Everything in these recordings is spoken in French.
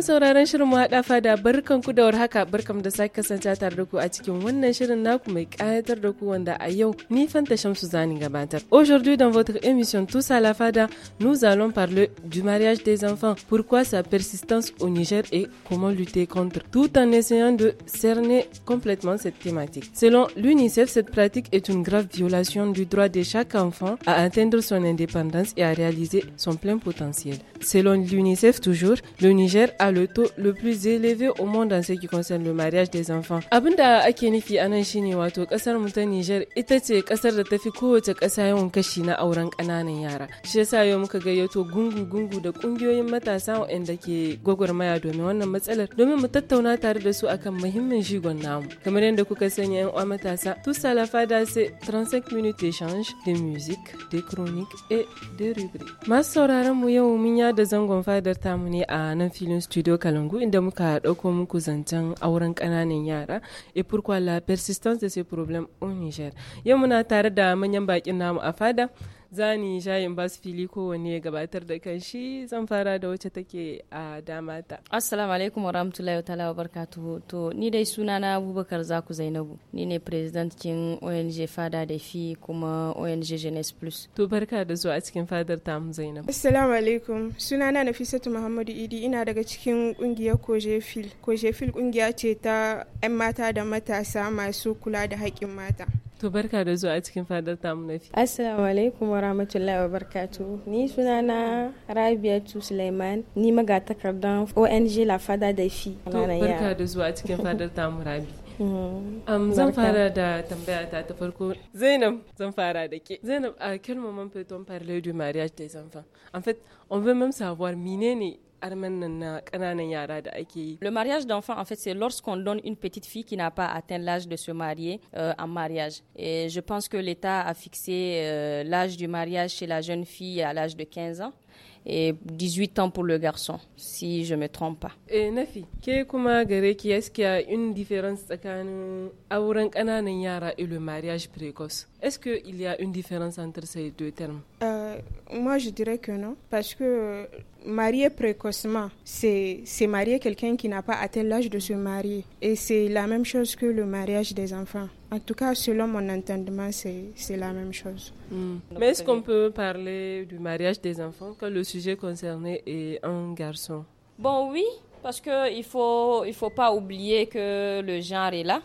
shirin mu da warhaka da da ku a cikin wannan shirin naku mai da ku wanda a yau ni Aujourd'hui dans votre émission Tous à la fada nous allons parler du mariage des enfants, pourquoi sa persistance au Niger et comment lutter contre tout en essayant de cerner complètement cette thématique. Selon l'UNICEF, cette pratique est une grave violation du droit de chaque enfant à atteindre son indépendance et à réaliser son plein potentiel. Selon l'UNICEF toujours, le Niger a le taux le plus élevé au monde en ce qui concerne le mariage des enfants. Abin da ake nufi a nan shine wato kasar mu ta Niger ita ce kasar da tafi kowace kasa yawan kashi na auren kananan yara. Shi yasa yau muka gayyato gungu-gungu da kungiyoyin matasa waɗanda ke gwagwarmaya domin wannan matsalar domin mu tattauna tare da su akan muhimmin shigon namu. Kamar yadda kuka sani yan uwa matasa, tusa la fada se 35 minutes change de musique, de chronique et de rubrique. Masu sauraron mu yau mun yada zangon fadar tamu ne a nan filin studio kalangu inda muka ɗauko muku zancen auren ƙananan yara et pourquoi la persistance de ce problème au niger yau muna tare da manyan bakin namu a fada zani shayin basu fili kowanne ya gabatar da kanshi zan fara da wacce take a damata assalamu alaikum warahmatullahi wa ta'ala barkatuhu to ni dai suna na abubakar zaku zainabu ni ne president kin ong fada da fi kuma ong jeunesse plus to barka da zuwa a cikin fadar tamu zainabu assalamu alaikum suna na nafisatu muhammadu idi ina daga cikin kungiyar koje fil kungiya ce ta 'yan mata da matasa masu kula da haƙƙin mata To barka da zuwa cikin fadar tamu na Assalamu alaikum wa rahmatullahi wa barkatu. Ni sunana Rabiatu Suleiman, ni magatakardan ONG La Fada da Fi. To barka da zuwa cikin fadar tamu Rabi. Mm-hmm. zan fara da tambaya ta ta farko Zainab zan fara da ke Zainab a quel moment peut-on parler du mariage des enfants en fait on veut même savoir menene le mariage d'enfant, en fait, c'est lorsqu'on donne une petite fille qui n'a pas atteint l'âge de se marier euh, en mariage. Et je pense que l'État a fixé euh, l'âge du mariage chez la jeune fille à l'âge de 15 ans et 18 ans pour le garçon, si je ne me trompe pas. Et Nafi, est-ce qu'il y a une différence entre et le mariage précoce Est-ce qu'il y a une différence entre ces deux termes euh, Moi, je dirais que non, parce que marier précocement, c'est marier quelqu'un qui n'a pas atteint l'âge de se marier. Et c'est la même chose que le mariage des enfants. En tout cas, selon mon entendement, c'est la même chose. Hmm. Mais est-ce qu'on peut parler du mariage des enfants quand le sujet concerné est un garçon Bon, oui, parce qu'il ne faut, il faut pas oublier que le genre est là.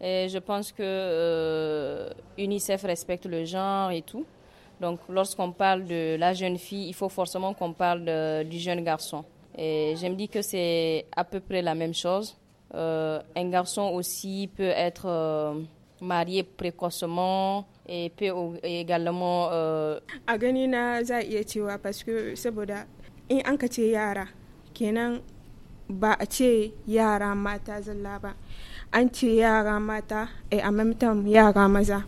Et je pense que euh, UNICEF respecte le genre et tout. Donc lorsqu'on parle de la jeune fille, il faut forcément qu'on parle de, du jeune garçon. Et je me dis que c'est à peu près la même chose. Euh, un garçon aussi peut être euh, marié précocement et peut également... Euh, a ganina za iya cewa parce que saboda in an ce yara kenan ba a ce yara mata zalla ba an ce yara mata et en même temps yara maza.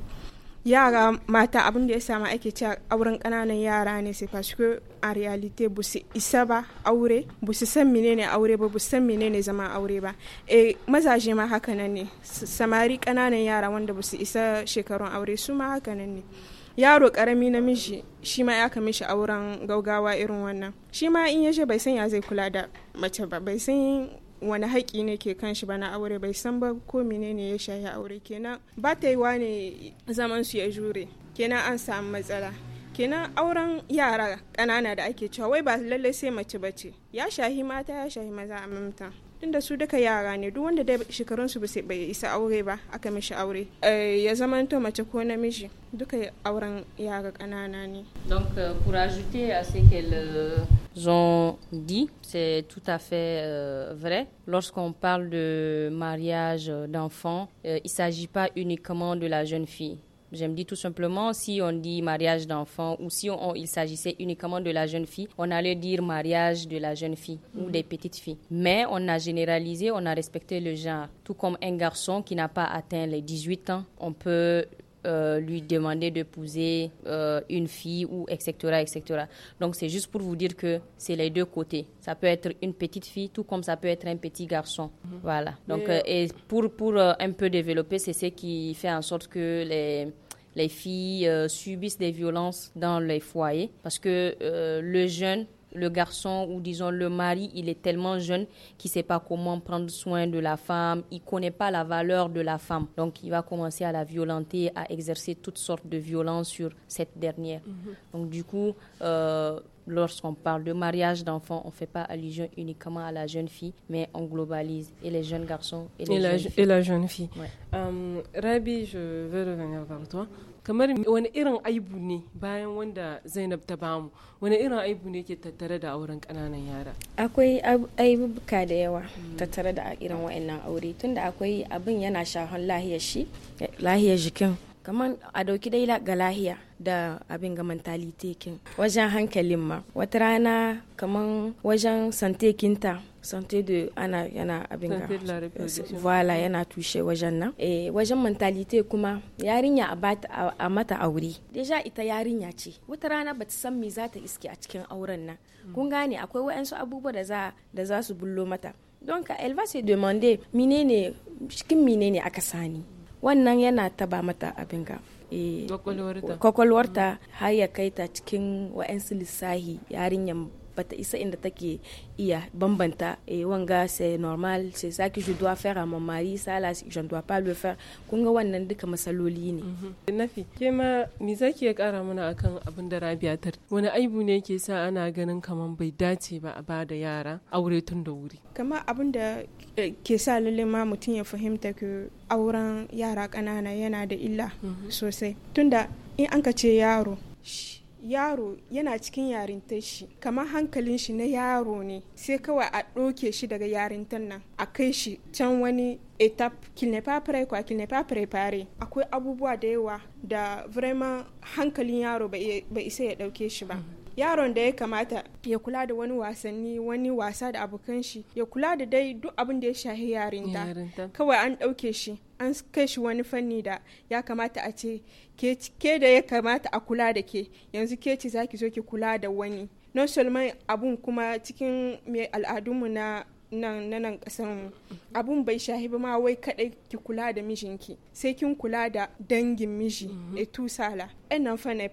yara mata abin da ya samu ake cewa auren ƙananan yara ne sai fashe a realite bu su isa ba aure bu su san menene aure ba bu su san menene zama aure ba e mazaje ma haka nan ne samari ƙananan yara wanda bu su isa shekarun aure su ma haka nan ne yaro karami namiji shi ma ya kame shi auren gaugawa irin wannan shi ma in yaje bai san ya zai kula da mace ba bai san wani haƙi ne ke kan shi ba na aure bai san ba ko menene ya shahi aure kenan ba ta yi wa ne zaman su ya jure kenan an samu matsala kenan auren yara ƙanana da ake cewa wai ba lallai sai mace bace ya shahi mata ya shahi maza a mamta donc pour ajouter à ce qu'elles euh, ont dit c'est tout à fait euh, vrai lorsqu'on parle de mariage d'enfants euh, il ne s'agit pas uniquement de la jeune fille je me dis tout simplement, si on dit mariage d'enfant ou si on, il s'agissait uniquement de la jeune fille, on allait dire mariage de la jeune fille ou mm. des petites filles. Mais on a généralisé, on a respecté le genre. Tout comme un garçon qui n'a pas atteint les 18 ans, on peut euh, lui demander d'épouser euh, une fille ou etc etc donc c'est juste pour vous dire que c'est les deux côtés ça peut être une petite fille tout comme ça peut être un petit garçon mhm. voilà donc euh, et pour pour un peu développer c'est ce qui fait en sorte que les les filles subissent des violences dans les foyers parce que le jeune le garçon ou disons le mari, il est tellement jeune qu'il ne sait pas comment prendre soin de la femme, il ne connaît pas la valeur de la femme. Donc il va commencer à la violenter, à exercer toutes sortes de violences sur cette dernière. Mhm. Donc du coup, euh, lorsqu'on parle de mariage d'enfants, on ne fait pas allusion uniquement à la jeune fille, mais on globalise et les jeunes garçons et, les et, jeunes la, filles. et la, jeune fille. Euh, Rabi, je veux revenir vers toi. kamar wani irin aibu ne bayan wanda zainab ta bamu wani irin aibu ne ke tattare da auren kananan yara akwai aibuka da yawa tattare da irin wa'annan aure tunda akwai abin yana shahon lahiyar shi lahiyar jikin kamar a dauki dai ga lahiya da abin ga mentalitekin wajen hankalin ma wata rana kamar wajen santekinta sante de ana yana abin ga yana tushe wajen nan eh wajen mentalite kuma yarinya a bata a mata aure deja ita yarinya ce wata rana bata san me za ta iske a cikin auren nan mm. kun gane akwai wayansu abubuwa da za da za su bullo mata donc elle va se demander menene cikin menene aka sani wannan yana taba mata abin ga eh, kwakwalwarta har ya kai ta cikin wa'yansu lissahi yarinyar bata isa inda take iya bambanta e wanga c'est normal c'est ça que je dois faire à mon mari ça là je ne dois pas le faire kun ga wannan duka masaloli ne mhm. nafi ke ma me zaki ya kara mana akan abin da rabiya tar wani aibu ne yake sa ana ganin kaman bai dace ba a bada yara aure tun da wuri kama abin da ke sa lalle ma mutum ya fahimta ke auren yara kanana yana da illa mhm. sosai tunda in an ka ce yaro yaro yana cikin yarintar shi kamar hankalin shi na yaro ne sai kawai a ɗauke shi daga yarintar nan a kai shi can wani etap kilnepa kwa kilnepa prepare akwai abubuwa da yawa da vraiment hankalin yaro ba isa ya ɗauke shi ba yaron da ya kamata ya kula da wani wasanni wani wasa da abokan shi ya kula da dai duk abin da ya shahi yarinta kawai an ɗauke shi an kai shi wani fanni da ya kamata a ce ke da ya kamata a kula da ke yanzu ke ce za ki zo ki kula da wani non solomon abun kuma cikin mai al'adunmu na nan na nan kasan abun bai shahi ba ma wai kadai ki kula da mijinki sai kin kula da dangin miji mm -hmm. e tusala nan fa na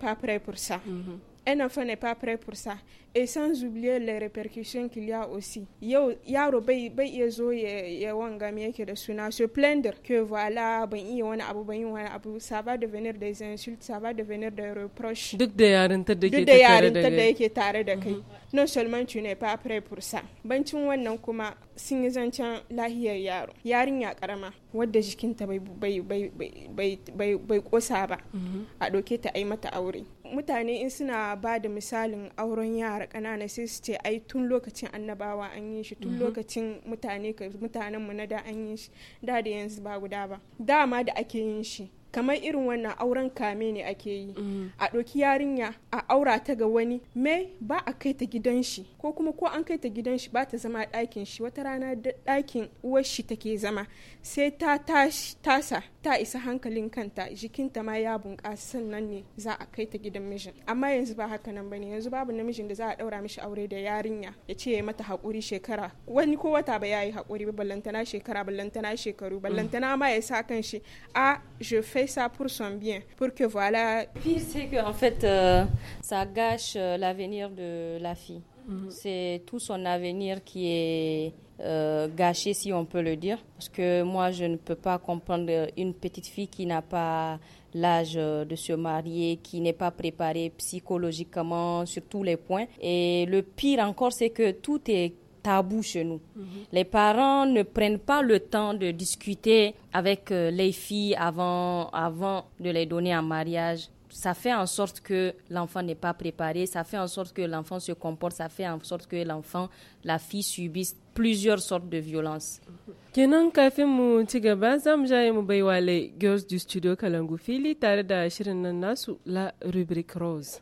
un enfant n'est pas prêt pour ça et sans oublier les répercussions qu'il y a aussi yau yaro bai bai iya zo ya wanga me yake da suna se plaindre que voilà ban iya wani abu ban yi wani abu ça va devenir des insultes ça va devenir des reproches duk da yarintar da duk da yarintar da yake tare da kai mhm. non seulement tu n'es pas prêt pour ça bancin wannan kuma sun yi zancen lahiyar yaro yarinya karama wadda jikinta bai bai bai bai kosa ba mhm. a ɗauke ta ai mata aure mutane in suna ba da misalin auren yara ƙanana sai su ce ai tun lokacin annabawa an yi shi tun mhm. lokacin mutane mu na da an yi shi da da yanzu ba guda ba dama da ake yin shi kamar irin wannan auren kame ne ake yi mm. a ɗauki yarinya a aura ta ga wani mai ba a kai ta gidan shi ko kuma ko an kai ta gidan shi ba ta zama ɗakin shi wata rana ɗakin uwar shi take zama sai ta tasa ta isa hankalin kanta jikinta ma ya bunƙasa sannan ne za a kai ta gidan mijin amma yanzu ba haka nan bane yanzu babu namijin da za a ɗaura mishi aure da yarinya ya ce ya mata haƙuri shekara wani ko wata ba ya yi haƙuri ba ballantana shekara ballantana shekaru ballantana ma ya sa kan shi a je ça pour son bien, pour que voilà. pire, c'est qu'en fait, euh, ça gâche euh, l'avenir de la fille. Mhm. C'est tout son avenir qui est euh, gâché, si on peut le dire. Parce que moi, je ne peux pas comprendre une petite fille qui n'a pas l'âge de se marier, qui n'est pas préparée psychologiquement sur tous les points. Et le pire encore, c'est que tout est tabou chez nous. Mhm. Les parents ne prennent pas le temps de discuter avec euh, les filles avant, avant de les donner en mariage ça fait en sorte que l'enfant n'est pas préparé, ça fait en sorte que l'enfant se comporte, ça fait en sorte que l'enfant, la fille subisse plusieurs sortes de violences. Kenan du studio la rubrique rose.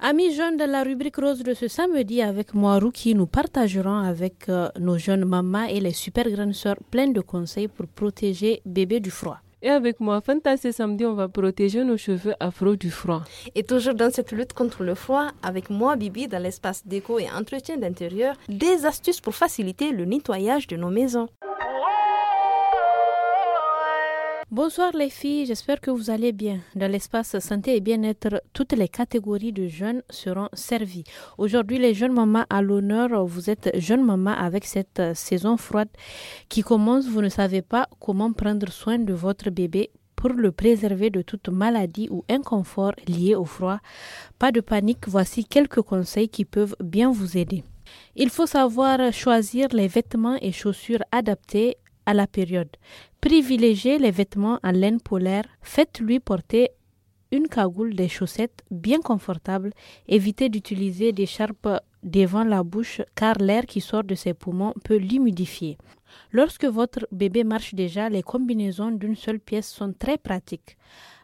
Amis jeunes de la rubrique rose de ce samedi avec moi, Ruki, nous partagerons avec euh, nos jeunes mamas et les super grandes sœurs plein de conseils pour protéger bébé du froid. Et avec moi, Fanta, ce samedi, on va protéger nos cheveux afro du froid. Et toujours dans cette lutte contre le froid, avec moi, Bibi, dans l'espace déco et entretien d'intérieur, des astuces pour faciliter le nettoyage de nos maisons. Bonsoir les filles, j'espère que vous allez bien. Dans l'espace santé et bien-être, toutes les catégories de jeunes seront servies. Aujourd'hui, les jeunes mamans à l'honneur, vous êtes jeunes mamans avec cette euh, saison froide qui commence, vous ne savez pas comment prendre soin de votre bébé pour le préserver de toute maladie ou inconfort lié au froid. Pas de panique, voici quelques conseils qui peuvent bien vous aider. Il faut savoir choisir les vêtements et chaussures adaptés à la période. Privilégiez les vêtements en laine polaire. Faites-lui porter une cagoule, des chaussettes bien confortable. Évitez d'utiliser des charpes devant la bouche car l'air qui sort de ses poumons peut l'humidifier. Lorsque votre bébé marche déjà, les combinaisons d'une seule pièce sont très pratiques.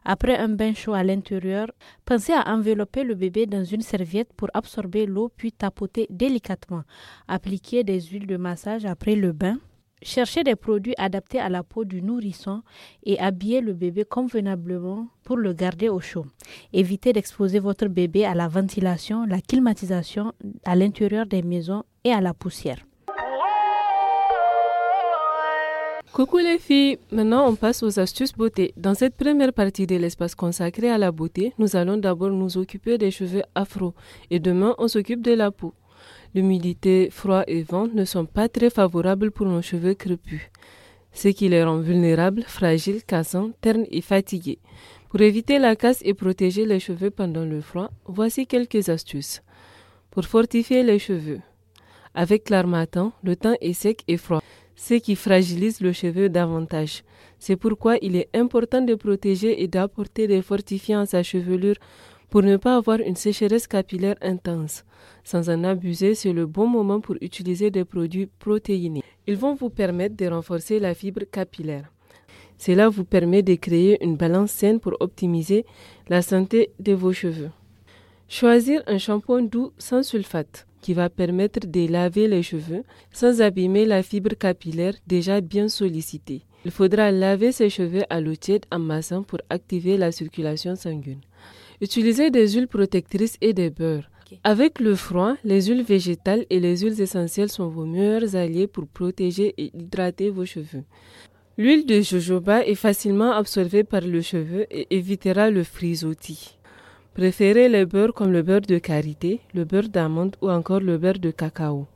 Après un bain chaud à l'intérieur, pensez à envelopper le bébé dans une serviette pour absorber l'eau puis tapoter délicatement. Appliquez des huiles de massage après le bain Cherchez des produits adaptés à la peau du nourrisson et habiller le bébé convenablement pour le garder au chaud. Évitez d'exposer votre bébé à la ventilation, la climatisation, à l'intérieur des maisons et à la poussière. Coucou les filles, maintenant on passe aux astuces beauté. Dans cette première partie de l'espace consacré à la beauté, nous allons d'abord nous occuper des cheveux afro et demain on s'occupe de la peau. L'humidité, froid et vent ne sont pas très favorables pour nos cheveux crépus, ce qui les rend vulnérables, fragiles, cassants, ternes et fatigués. Pour éviter la casse et protéger les cheveux pendant le froid, voici quelques astuces. Pour fortifier les cheveux. Avec l'armatan, le temps est sec et froid, ce qui fragilise le cheveu davantage. C'est pourquoi il est important de protéger et d'apporter des fortifiants à sa chevelure pour ne pas avoir une sécheresse capillaire intense. Sans en abuser, c'est le bon moment pour utiliser des produits protéinés. Ils vont vous permettre de renforcer la fibre capillaire. Cela vous permet de créer une balance saine pour optimiser la santé de vos cheveux. Choisir un shampoing doux sans sulfate qui va permettre de laver les cheveux sans abîmer la fibre capillaire déjà bien sollicitée. Il faudra laver ses cheveux à l'eau tiède en massant pour activer la circulation sanguine. Utilisez des huiles protectrices et des beurres. Avec le froid, les huiles végétales et les huiles essentielles sont vos meilleurs alliés pour protéger et hydrater vos cheveux. L'huile de jojoba est facilement absorbée par le cheveu et évitera le frisottis. Préférez les beurres comme le beurre de karité, le beurre d'amande ou encore le beurre de cacao.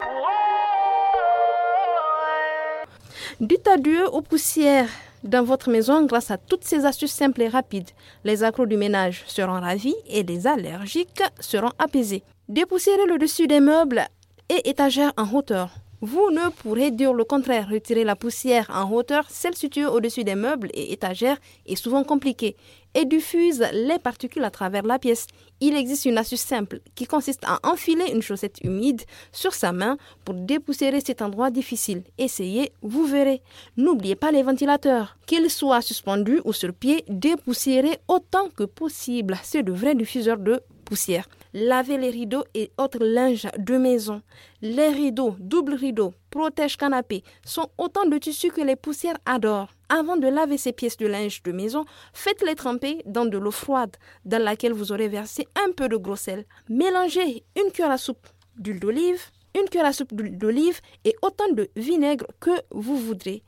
Dites adieu aux poussières dans votre maison grâce à toutes ces astuces simples et rapides. Les accros du ménage seront ravis et les allergiques seront apaisés. Dépoussiérez le dessus des meubles et étagères en hauteur. Vous ne pourrez dire le contraire. Retirer la poussière en hauteur, celle située au-dessus des meubles et étagères, est souvent compliquée et diffuse les particules à travers la pièce. Il existe une astuce simple qui consiste à enfiler une chaussette humide sur sa main pour dépoussiérer cet endroit difficile. Essayez, vous verrez. N'oubliez pas les ventilateurs. Qu'ils soient suspendus ou sur pied, dépoussiérez autant que possible. C'est le vrai diffuseur de poussière. Lavez les rideaux et autres linges de maison. Les rideaux, double rideaux, protège-canapé sont autant de tissus que les poussières adorent. Avant de laver ces pièces de linge de maison, faites-les tremper dans de l'eau froide dans laquelle vous aurez versé un peu de gros sel. Mélangez une cuillère à soupe d'huile d'olive, une cuillère à soupe d'huile d'olive et autant de vinaigre que vous voudrez.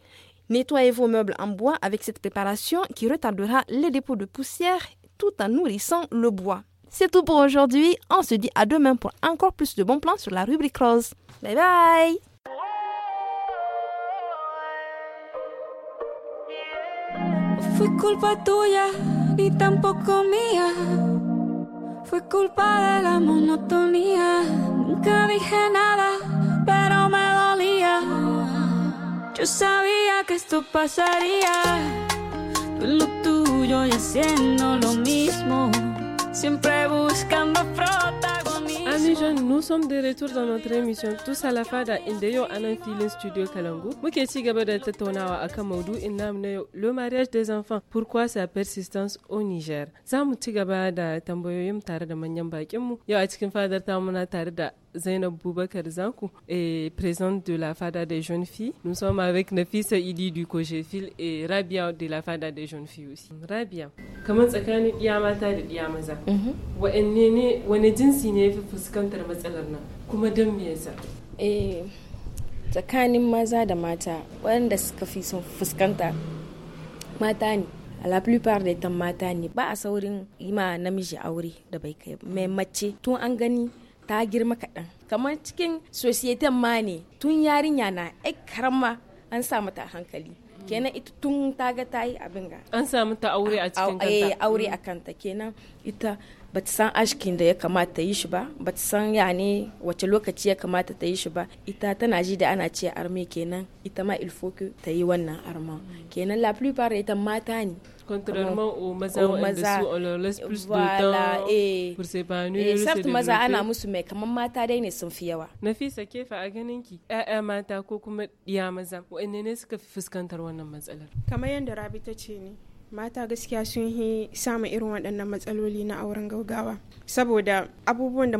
Nettoyez vos meubles en bois avec cette préparation qui retardera les dépôts de poussière tout en nourrissant le bois. C'est tout pour aujourd'hui. On se dit à demain pour encore plus de bons plans sur la rubrique rose. Bye bye Fue culpa tuya, ni tampoco mía. Fue culpa de la monotonía. Nunca dije nada, pero me dolía. Yo sabía que esto pasaría. Tú lo tuyo y haciendo lo mismo. Amis jeunes, nous sommes de retour dans notre émission Tous à la Fada inda yau a nan filin studio Kalangu. Muke ci gaba da tattaunawa akan maudu'in namu na yau, le mariage des enfants, pourquoi sa persistance au Niger. Za mu gaba da tambayoyin tare da manyan bakinmu. Yau a cikin fadar ta muna tare da Zainab Boubacar Zankou est présidente de la FADA des jeunes filles. Nous sommes avec fils Idi du Kojefil et Rabia de la FADA des jeunes filles aussi. Rabia, Comment ça iya mata da iya maza, wa'anne ne wani jinsi ne ya fi fuskantar matsalar nan kuma don me yasa? Eh, tsakanin maza da mata waɗanda suka fi fuskanta a la plupart des temps matani. ba a saurin yi ma namiji aure da bai kai mai mace tun an gani ta girma kaɗan kamar cikin sosiyetin ma ne tun yarinya na ai karama an sa mata hankali kenan ita tun ta ga ta yi abin ga an sa mata aure a cikin eh, kanta aure a mm. kanta kenan ita ba ta san askin da ya kamata ta yi shi ba ba ta san ya ne wace lokaci ya kamata ta yi shi ba ita tana ji da ana ce arme kenan ita ma ilfoki ta yi wannan arma kenan la plupart ita mata ne contrairement maza wa maza on leur plus voilà, de temps eh. eh, ana musu mai kamar mata dai ne sun yawa nafisa kefa a ganin ki ƴaƴa mata ko ɗiya maza wa'anne ne suka fi fuskantar wannan matsalar kamar yadda rabi ta ce ne mata gaskiya sun yi samun irin waɗannan matsaloli na auren gaugawa saboda abubuwan da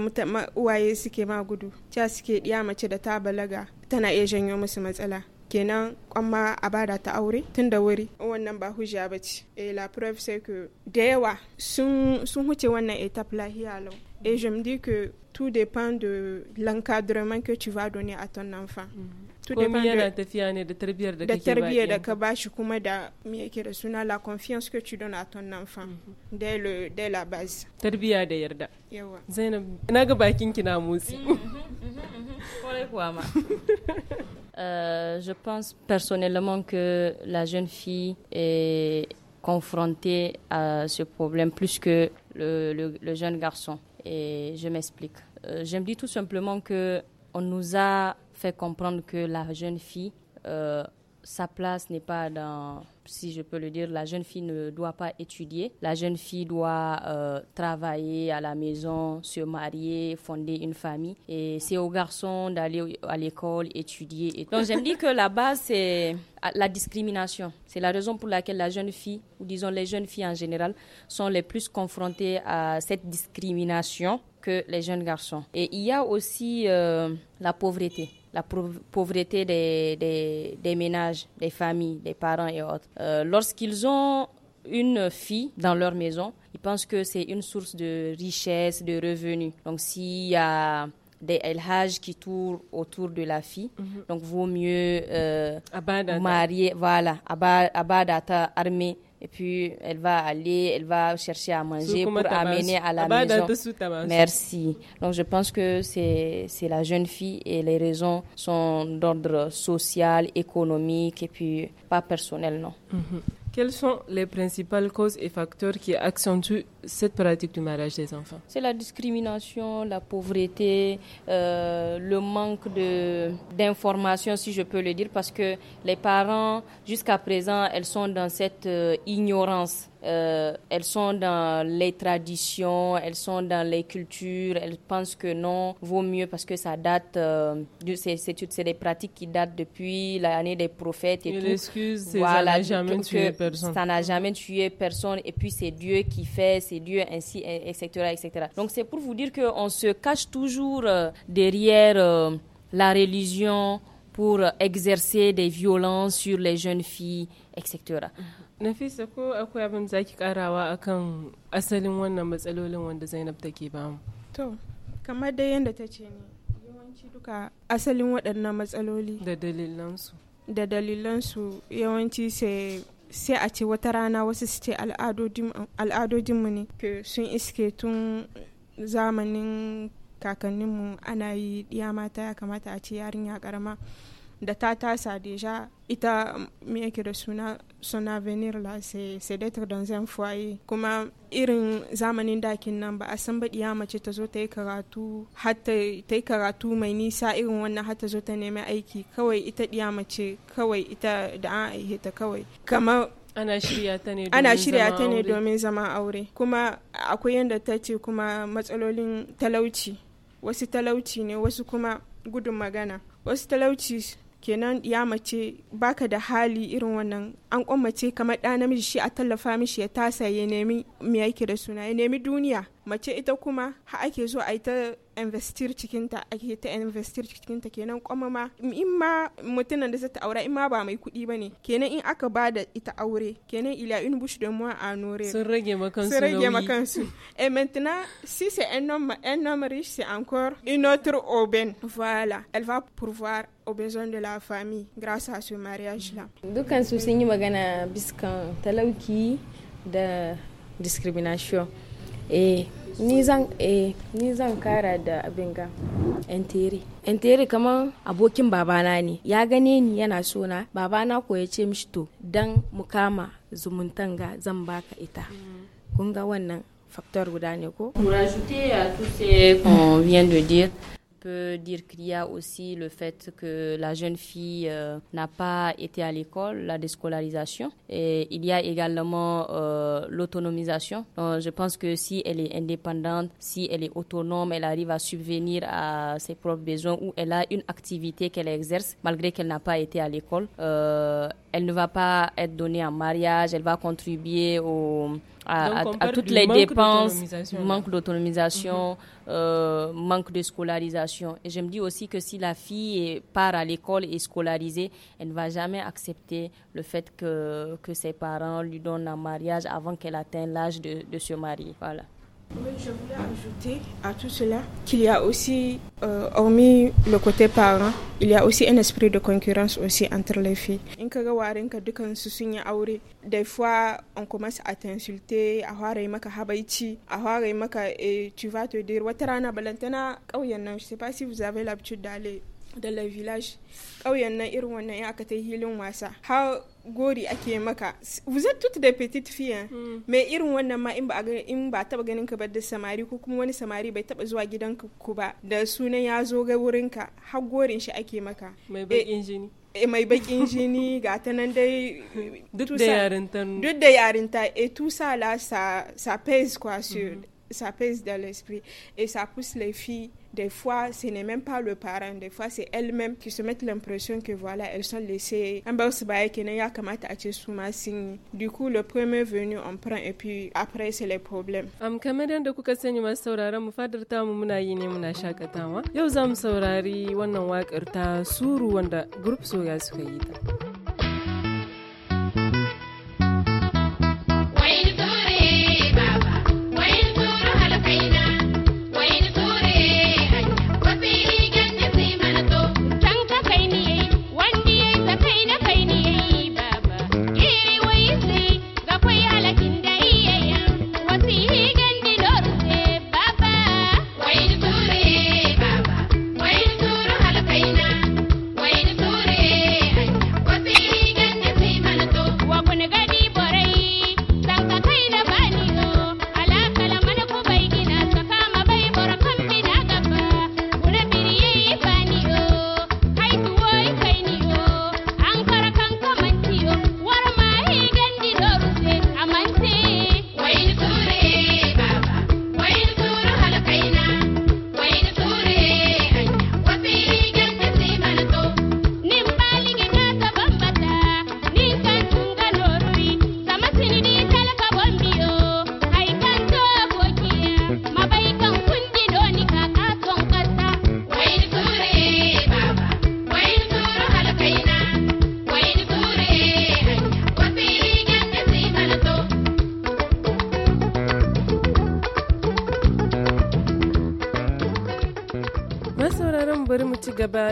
uwaye suke ma gudu cewa suke ɗiya mace da ta balaga tana iya janyo musu matsala kenan kwamma a bada ta aure tun da wuri wannan ba hujja ba ce e la preuve c'est que da yawa sun huce wannan étape lahiya lau et je me dis que de l'encadrement que tu vas donner à ton enfant mm Combien dépend de, de da tarbiyyar de ka bashi kuma da me yake da suna la confiance que tu donnes à ton enfant mhm. dès le dès la base tarbiyya de yarda yawa Zainab na ga bakin ki na motsi mhm, mhm, kuwa ma euh, je pense personnellement que la jeune fille est confrontée à ce problème plus que le, le, jeune garçon. Et je m'explique. Euh, je me dis tout simplement que on nous a fait comprendre que la jeune fille, euh, sa place n'est pas dans, si je peux le dire, la jeune fille ne doit pas étudier. La jeune fille doit euh, travailler à la maison, se marier, fonder une famille. Et c'est aux garçons d'aller à l'école, étudier. Et... Donc j'aime dire que la base, c'est la discrimination. C'est la raison pour laquelle la jeune fille, ou disons les jeunes filles en général, sont les plus confrontées à cette discrimination que les jeunes garçons. Et il y a aussi euh, la pauvreté la pauvreté des, des, ménages, des familles, des parents et autres. Euh, lorsqu'ils ont une fille dans leur maison, ils pensent que c'est une source de richesse, de revenus. Donc s'il y a des LH qui tournent autour de la fille, mhm. donc vaut mieux euh, marier, voilà, abadata, armée et puis, elle va aller, elle va chercher à manger pour amener à la maison. Merci. Donc, je pense que c'est la jeune fille et les raisons sont d'ordre social, économique et puis pas personnel, non. Mm-hmm. Quelles sont les principales causes et facteurs qui accentuent cette pratique du mariage des enfants C'est la discrimination, la pauvreté, euh, le manque d'informations, si je peux le dire, parce que les parents, jusqu'à présent, elles sont dans cette euh, ignorance. Euh, elles sont dans les traditions, elles sont dans les cultures, elles pensent que non, vaut mieux parce que ça date, euh, c'est des pratiques qui datent depuis l'année des prophètes et, tout. L'excuse, c'est voilà, ça n'a jamais tué personne. Ça n'a jamais tué personne et puis c'est Dieu qui fait, c'est Dieu ainsi, etc., etc. Donc c'est pour vous dire qu'on se cache toujours euh, derrière la religion pour exercer des violences sur les jeunes filles, etc. Nafisa ko akwai abin za ki karawa akan asalin wannan matsalolin wanda Zainab take ba mu? To, kamar dai yadda ta ce ne, yawanci duka asalin waɗannan matsaloli. Da dalilansu. Da dalilansu yawanci sai a ce wata rana wasu su ce al'adodinmu ne sun iske tun zamanin kakanninmu ana yi ɗiya mata ya kamata a ce yarinya karama da ta tasa deja ita mm, me yake da suna son avenir la c'est d'être dans un foyer kuma irin zamanin dakin nan ba a san ba diya mace ta zo ta yi karatu hatta ta yi karatu mai nisa irin wannan hatta zo ta nemi aiki kawai ita diya mace kawai ita da an aihe ta kawai kamar ana shirya ta ne ana shirya ta ne domin zama aure kuma akwai yadda ta ce kuma matsalolin talauci wasu talauci ne wasu kuma gudun magana wasu talauci kenan ya mace baka da hali irin wannan an kwamace kamar ɗa namiji shi a tallafa mishi ya tasa ya nemi me yake da suna ya nemi duniya mace ita kuma ha ake zo a ita investir cikin ta ake ta investir cikin ta kenan kuma ma in ma mutumin da zata aura in ma ba mai kuɗi bane kenan in aka ba da ita aure kenan ila une bouche de moi à nourrir sun rage makansu sun rage makansu et eh, maintenant si c'est un homme un homme riche c'est encore une autre aubaine voilà elle va pouvoir aux besoins de la famille grâce à ce mariage là dukkan su sun yi magana biskan talauki da discrimination eh ni zan eh ni kara da abin ga entere entere kaman abokin babana ne ya gane ni yana sona babana ko ya ce mishi to dan mukama zumuntan ga zan baka ita Kunga wannan factor guda ne ko qu'on vient de peut dire qu'il y a aussi le fait que la jeune fille euh, n'a pas été à l'école, la déscolarisation. Et il y a également euh, l'autonomisation. Donc, je pense que si elle est indépendante, si elle est autonome, elle arrive à subvenir à ses propres besoins ou elle a une activité qu'elle exerce malgré qu'elle n'a pas été à l'école. Euh, elle ne va pas être donnée en mariage, elle va contribuer au, à, toutes les dépenses, manque d'autonomisation, mm-hmm. euh, manque de scolarisation. Et je me dis aussi que si la fille part à l'école et est scolarisée, elle ne va jamais accepter le fait que, que ses parents lui donnent un mariage avant qu'elle atteigne l'âge de, de se marier. Voilà je voulais ajouter à tout cela qu'il y a aussi, euh, hormis le côté parent, il y a aussi un esprit de concurrence aussi entre les filles. Des fois, on commence à t'insulter, à voir et tu vas te dire, je ne sais pas si vous avez l'habitude d'aller da la village ƙauyen na irin wannan in aka ta hilin wasa ha gori ake maka vous êtes toutes des petites filles mm. irin wannan ma in ba in ba taba ganin ka ba da samari ko kuma wani samari bai taba zuwa gidanka ku ba da sunan ya zo ga wurin ka ha gorin shi ake maka mai bakin eh, jini e mai bakin jini ga ta nan dai duk da yarinta duk da yarinta e tout ça là sa ça pèse quoi sur sa -hmm. ça pèse dans l'esprit et ça pousse les filles Des fois, ce n'est même pas le parent, des fois, c'est elle-même qui se mettent l'impression que voilà, elle a ce elles sont laissées. Du coup, le premier venu, on prend et puis après, c'est les problèmes. Am kamadan da kuka sani masu sauraron mu fadar ta mu muna yi ne muna shakatawa. Yau za saurari wannan waƙar ta suru wanda group soya suka yi ta.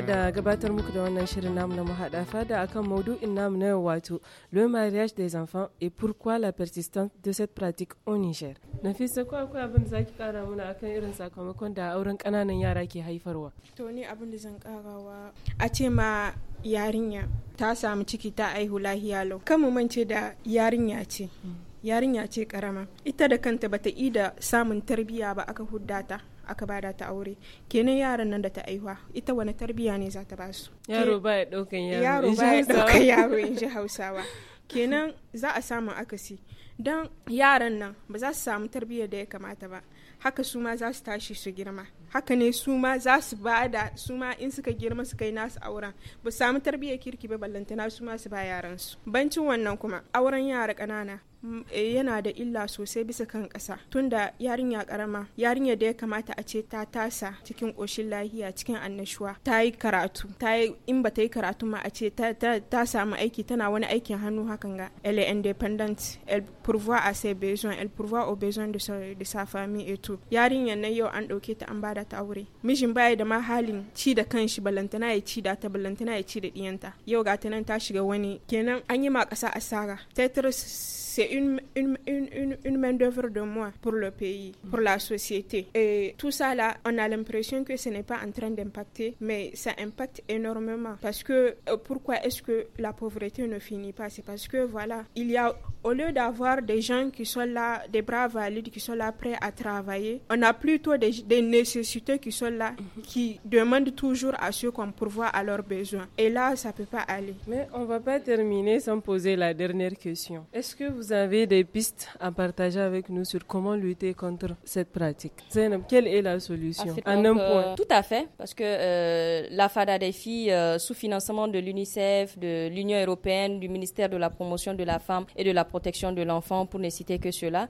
da gabatar muku da wannan shirin namu na mahaɗa fada akan maudu'in namu na yau wato le mariage des enfants et pourquoi la persistance de cette pratique au Niger. Nafisa ko akwai abin da zaki kara mana akan irin sakamakon da auren kananan yara ke haifarwa? To ni abin da zan karawa a ce ma yarinya ta samu ciki ta aihu lahiya lau. Kan mu mance da yarinya ce. Mm. yarinya ce karama ita da kanta bata yi da samun tarbiya ba aka huddata aka bada ta aure kenan yaran nan da ta aihuwa ita wani tarbiya ne za ta ba su yaro baya daukan yaro yaro baya daukan yaro in ji hausawa kenan za a samu akasi don yaran nan ba za su samu tarbiyyar da ya kamata ba haka su ma za su tashi su girma haka ne su ma za su ba da su ma in suka girma su kai nasu auren ba samu tarbiyyar kirki ba ballantana su ma su ba yaran su bancin wannan kuma auren yara ƙanana mm, eh, yana da illa sosai bisa kan ƙasa tunda yarinya karama yarinya da ya kamata a ce ta tasa cikin ƙoshin lahiya cikin annashuwa ta yi karatu ta yi in ba ta yi karatu ma a ce ta samu aiki tana wani aikin hannu hakan ga la independent el pourvoir a ses besoins el pourvoir aux besoins de sa famille et tout yarinyar nan yau an ɗauke ta an ba da ta aure mijin baya da ma halin ci da kanshi balantana ya ci da ta balantana ya ci da diyanta yau ga ta nan ta shiga wani kenan an yi ma kasa asara tetris c'est une, une, une, une main-d'œuvre de moi pour le pays, pour la société. Et tout ça là, on a l'impression que ce n'est pas en train d'impacter, mais ça impacte énormément. Parce que euh, pourquoi est-ce que la pauvreté ne finit pas C'est parce que voilà, il y a, au lieu d'avoir des gens qui sont là, des bras valides qui sont là prêts à travailler, on a plutôt des, des nécessités qui sont là, qui demandent toujours à ceux qu'on pourvoit à leurs besoins. Et là, ça peut pas aller. Mais on va pas terminer sans poser la dernière question. Est-ce que vous avez des pistes à partager avec nous sur comment lutter contre cette pratique quelle est la solution ah, un point. Euh, tout à fait, parce que euh, la FADA euh, sous financement de l'UNICEF, de l'Union européenne, du ministère de la promotion de la femme et de la protection de l'enfant, pour ne citer que cela,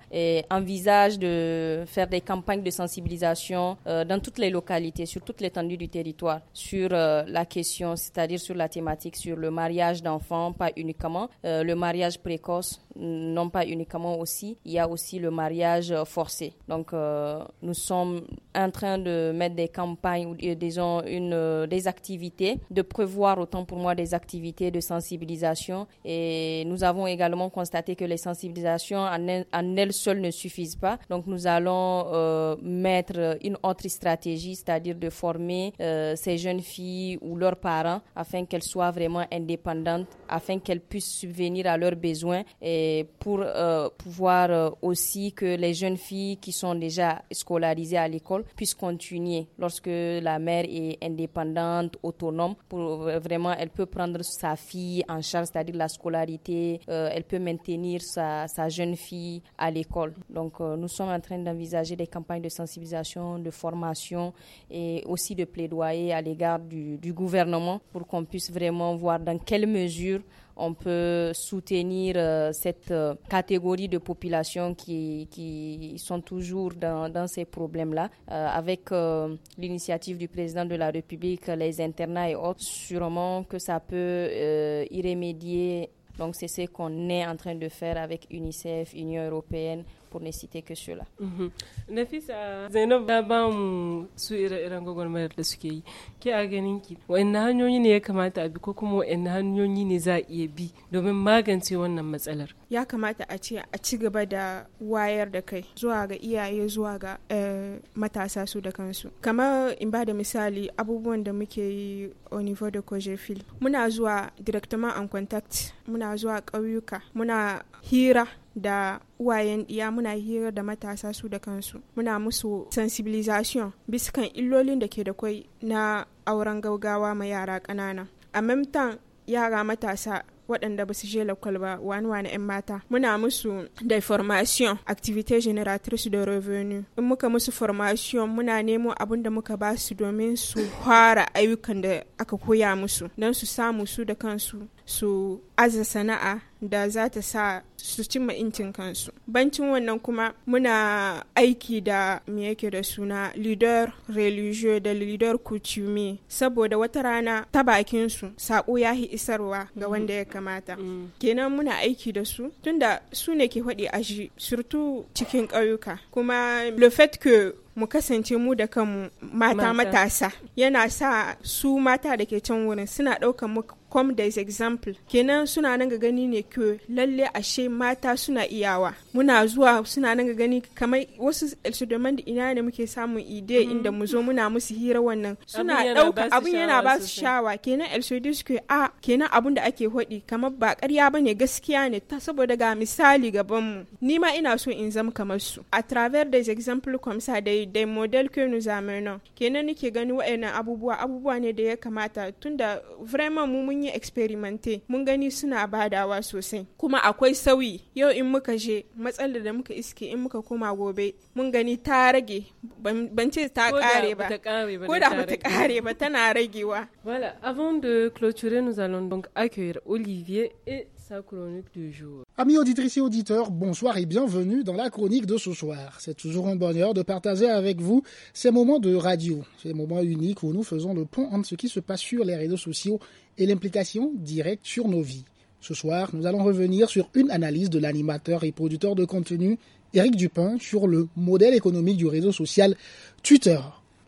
envisage de faire des campagnes de sensibilisation dans toutes les localités, sur toute l'étendue du territoire, sur la question, c'est-à-dire sur la thématique, sur le mariage d'enfants, pas uniquement, le mariage précoce non pas uniquement aussi, il y a aussi le mariage forcé. Donc euh, nous sommes en train de mettre des campagnes ou euh, disons une, euh, des activités, de prévoir autant pour moi des activités de sensibilisation et nous avons également constaté que les sensibilisations en, elles seules ne suffisent pas. Donc nous allons mettre une autre stratégie, c'est-à-dire de former ces jeunes filles ou leurs parents afin qu'elles soient vraiment indépendantes, afin qu'elles puissent subvenir à leurs besoins et et pour euh, pouvoir euh, aussi que les jeunes filles qui sont déjà scolarisées à l'école puissent continuer lorsque la mère est indépendante, autonome. Pour euh, vraiment, elle peut prendre sa fille en charge, c'est-à-dire la scolarité. elle peut maintenir sa, jeune fille à l'école. Donc, nous sommes en train d'envisager des campagnes de sensibilisation, de formation et aussi de plaidoyer à l'égard du, du gouvernement pour qu'on puisse vraiment voir dans quelle mesure on peut soutenir euh, cette euh, catégorie de population qui, qui sont toujours dans, dans ces problèmes-là. Euh, avec l'initiative du président de la République, les internats et autres, sûrement que ça peut y remédier. Donc c'est ce qu'on est en train de faire avec UNICEF, Union européenne, pour ne citer que ceux-là. Mhm. Nafisa, Zainab ta bamu su ire-iren gwagwarmayar da suke yi. Ke a ganin ki, wa'in hanyoyi ne ya kamata a bi ko kuma wa'in hanyoyi ne za a iya bi domin magance wannan matsalar? Ya kamata a ce a ci gaba da wayar da kai zuwa ga iyaye zuwa ga eh, matasa su da kansu. Kamar in ba da misali abubuwan da muke yi au niveau de Cogefil. Muna zuwa directement en contact, muna zuwa ƙauyuka, muna hira da uwayen ɗiya muna hira da matasa su da kansu muna musu sensibilization biskan illolin da ke da kwai na auren gaugawa ma yara ƙanana a memtan yara matasa waɗanda ba su je lakwal ba wani wani 'yan mata muna musu da formation activité generatrice da revenu in muka musu formation muna nemo abin da muka ba su domin su fara ayyukan da aka koya musu don su samu su da kansu su aza sana'a da za ta sa su cimma incin kansu bancin wannan kuma muna aiki da me yake da suna leader religio da leader kucumi saboda wata rana ta bakin su saƙo ya yi isarwa ga mm. wanda ya kamata mm. kenan muna aiki da su tunda su ne ke faɗi aji surtu cikin ƙauyuka kuma le fait que mu kasance mu da kanmu mata matasa yana sa su mata da ke can wurin suna ɗaukar mu comme des example kenan suna nan ga gani ne ke lalle ashe mata suna iyawa muna zuwa suna nan ga gani kamar wasu su demand ina ne muke samun ide mhm. inda mu zo muna musu hira wannan suna dauka abun yana ba su shawa kenan elsodi suke a ah, kenan abun da ake hodi kamar ba ƙarya bane gaskiya ne ta saboda ga misali gaban mu ni ma ina so in zama kamar su a travers des exemples comme ça des des modèles que nous amenons kenan nake gani wa'annan abubuwa abubuwa ne da ya kamata tunda vraiment mu mun yi experimente mun gani suna badawa sosai kuma akwai sauyi yau in muka je matsalar da muka iske in muka koma gobe mun gani ta rage ban ce ta kare ba ko da bata kare ba tana ragewa voilà avant de clôturer nous allons donc accueillir Olivier et sa chronique du jour. Amis auditrices et auditeurs, bonsoir et bienvenue dans la chronique de ce soir. C'est toujours un bonheur de partager avec vous ces moments de radio, ces moments uniques où nous faisons le pont entre ce qui se passe sur les réseaux sociaux et l'implication directe sur nos vies. Ce soir, nous allons revenir sur une analyse de l'animateur et producteur de contenu Éric Dupin sur le modèle économique du réseau social Twitter.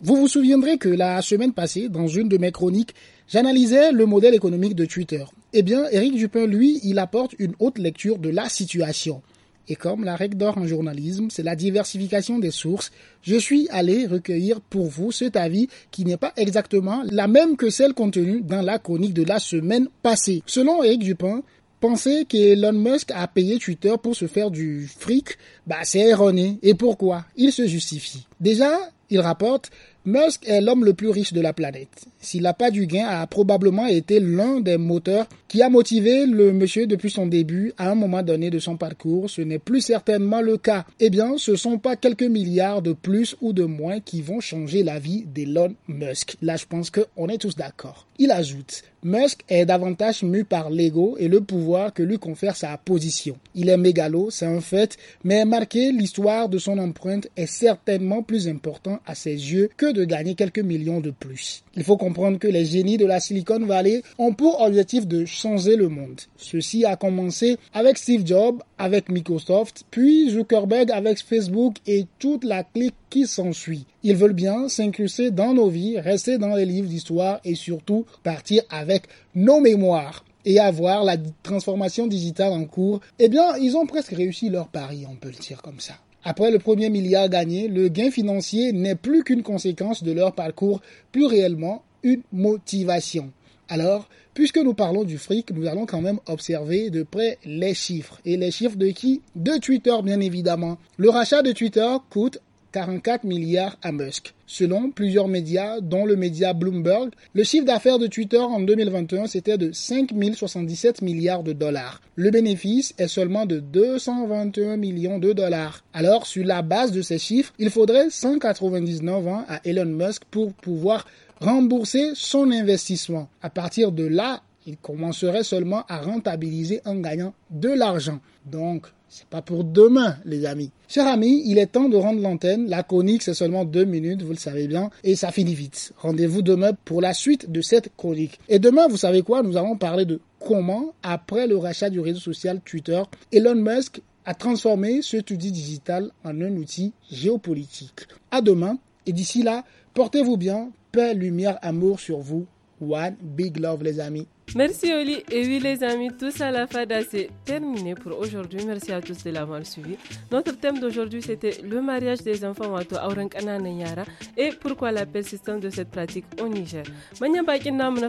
Vous vous souviendrez que la semaine passée, dans une de mes chroniques, j'analysais le modèle économique de Twitter. Eh bien, Eric Dupin, lui, il apporte une haute lecture de la situation. Et comme la règle d'or en journalisme, c'est la diversification des sources, je suis allé recueillir pour vous cet avis qui n'est pas exactement la même que celle contenue dans la chronique de la semaine passée. Selon Eric Dupin, penser qu'Elon Musk a payé Twitter pour se faire du fric, bah c'est erroné. Et pourquoi Il se justifie. Déjà, il rapporte Musk est l'homme le plus riche de la planète. S'il n'a pas du gain, a probablement été l'un des moteurs qui a motivé le monsieur depuis son début à un moment donné de son parcours. Ce n'est plus certainement le cas. Eh bien, ce ne sont pas quelques milliards de plus ou de moins qui vont changer la vie d'Elon Musk. Là, je pense qu'on est tous d'accord. Il ajoute, Musk est davantage mu par l'ego et le pouvoir que lui confère sa position. Il est mégalo, c'est un fait, mais marquer l'histoire de son empreinte est certainement plus important à ses yeux que de gagner quelques millions de plus. Il faut comprendre que les génies de la Silicon Valley ont pour objectif de changer le monde. Ceci a commencé avec Steve Jobs, avec Microsoft, puis Zuckerberg avec Facebook et toute la clique qui s'ensuit. Ils veulent bien s'incruster dans nos vies, rester dans les livres d'histoire et surtout partir avec nos mémoires et avoir la transformation digitale en cours. Eh bien, ils ont presque réussi leur pari, on peut le dire comme ça. Après le premier milliard gagné, le gain financier n'est plus qu'une conséquence de leur parcours, plus réellement une motivation. Alors, puisque nous parlons du fric, nous allons quand même observer de près les chiffres. Et les chiffres de qui De Twitter, bien évidemment. Le rachat de Twitter coûte 44 milliards à Musk. Selon plusieurs médias, dont le média Bloomberg, le chiffre d'affaires de Twitter en 2021 c'était de 5 077 milliards de dollars. Le bénéfice est seulement de 221 millions de dollars. Alors, sur la base de ces chiffres, il faudrait 199 ans à Elon Musk pour pouvoir rembourser son investissement. À partir de là, il commencerait seulement à rentabiliser en gagnant de l'argent. Donc, c'est pas pour demain, les amis. Cher ami, il est temps de rendre l'antenne. La chronique, c'est seulement deux minutes, vous le savez bien, et ça finit vite. Rendez-vous demain pour la suite de cette chronique. Et demain, vous savez quoi Nous allons parler de comment, après le rachat du réseau social Twitter, Elon Musk a transformé ce outil digital en un outil géopolitique. À demain, et d'ici là, portez-vous bien. Paix, lumière, amour sur vous. One big love, les amis. Merci Oli. Et oui les amis, tout ça la fada c'est terminé pour aujourd'hui. Merci à tous de l'avoir suivi. Notre thème d'aujourd'hui c'était le mariage des enfants à kananan et pourquoi la persistance de cette pratique au Niger.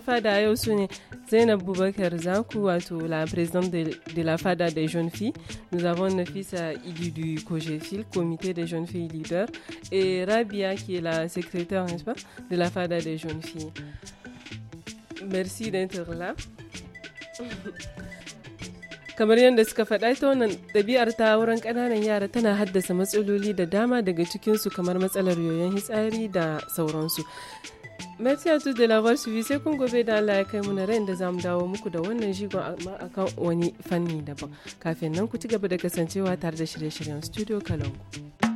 fada Zainab Boubacar Zankou la présidente de, la fada des jeunes filles. Nous avons le fils euh, du COGEFIL, comité des jeunes filles leaders et Rabia qui est la secrétaire, n'est-ce pas, de la fada des jeunes filles. Merci d'être là. kamar yadda suka faɗa ta wannan ɗabi'ar ta wurin ƙananan yara tana haddasa matsaloli da dama daga cikinsu kamar matsalar yoyon hitsari da sauransu Merci à tous de l'avoir suivi sai kun gobe da Allah ya kai mu na da za mu dawo muku da wannan shigon amma akan wani fanni daban kafin nan ku ci gaba da kasancewa tare da shirye-shiryen studio Kalangu.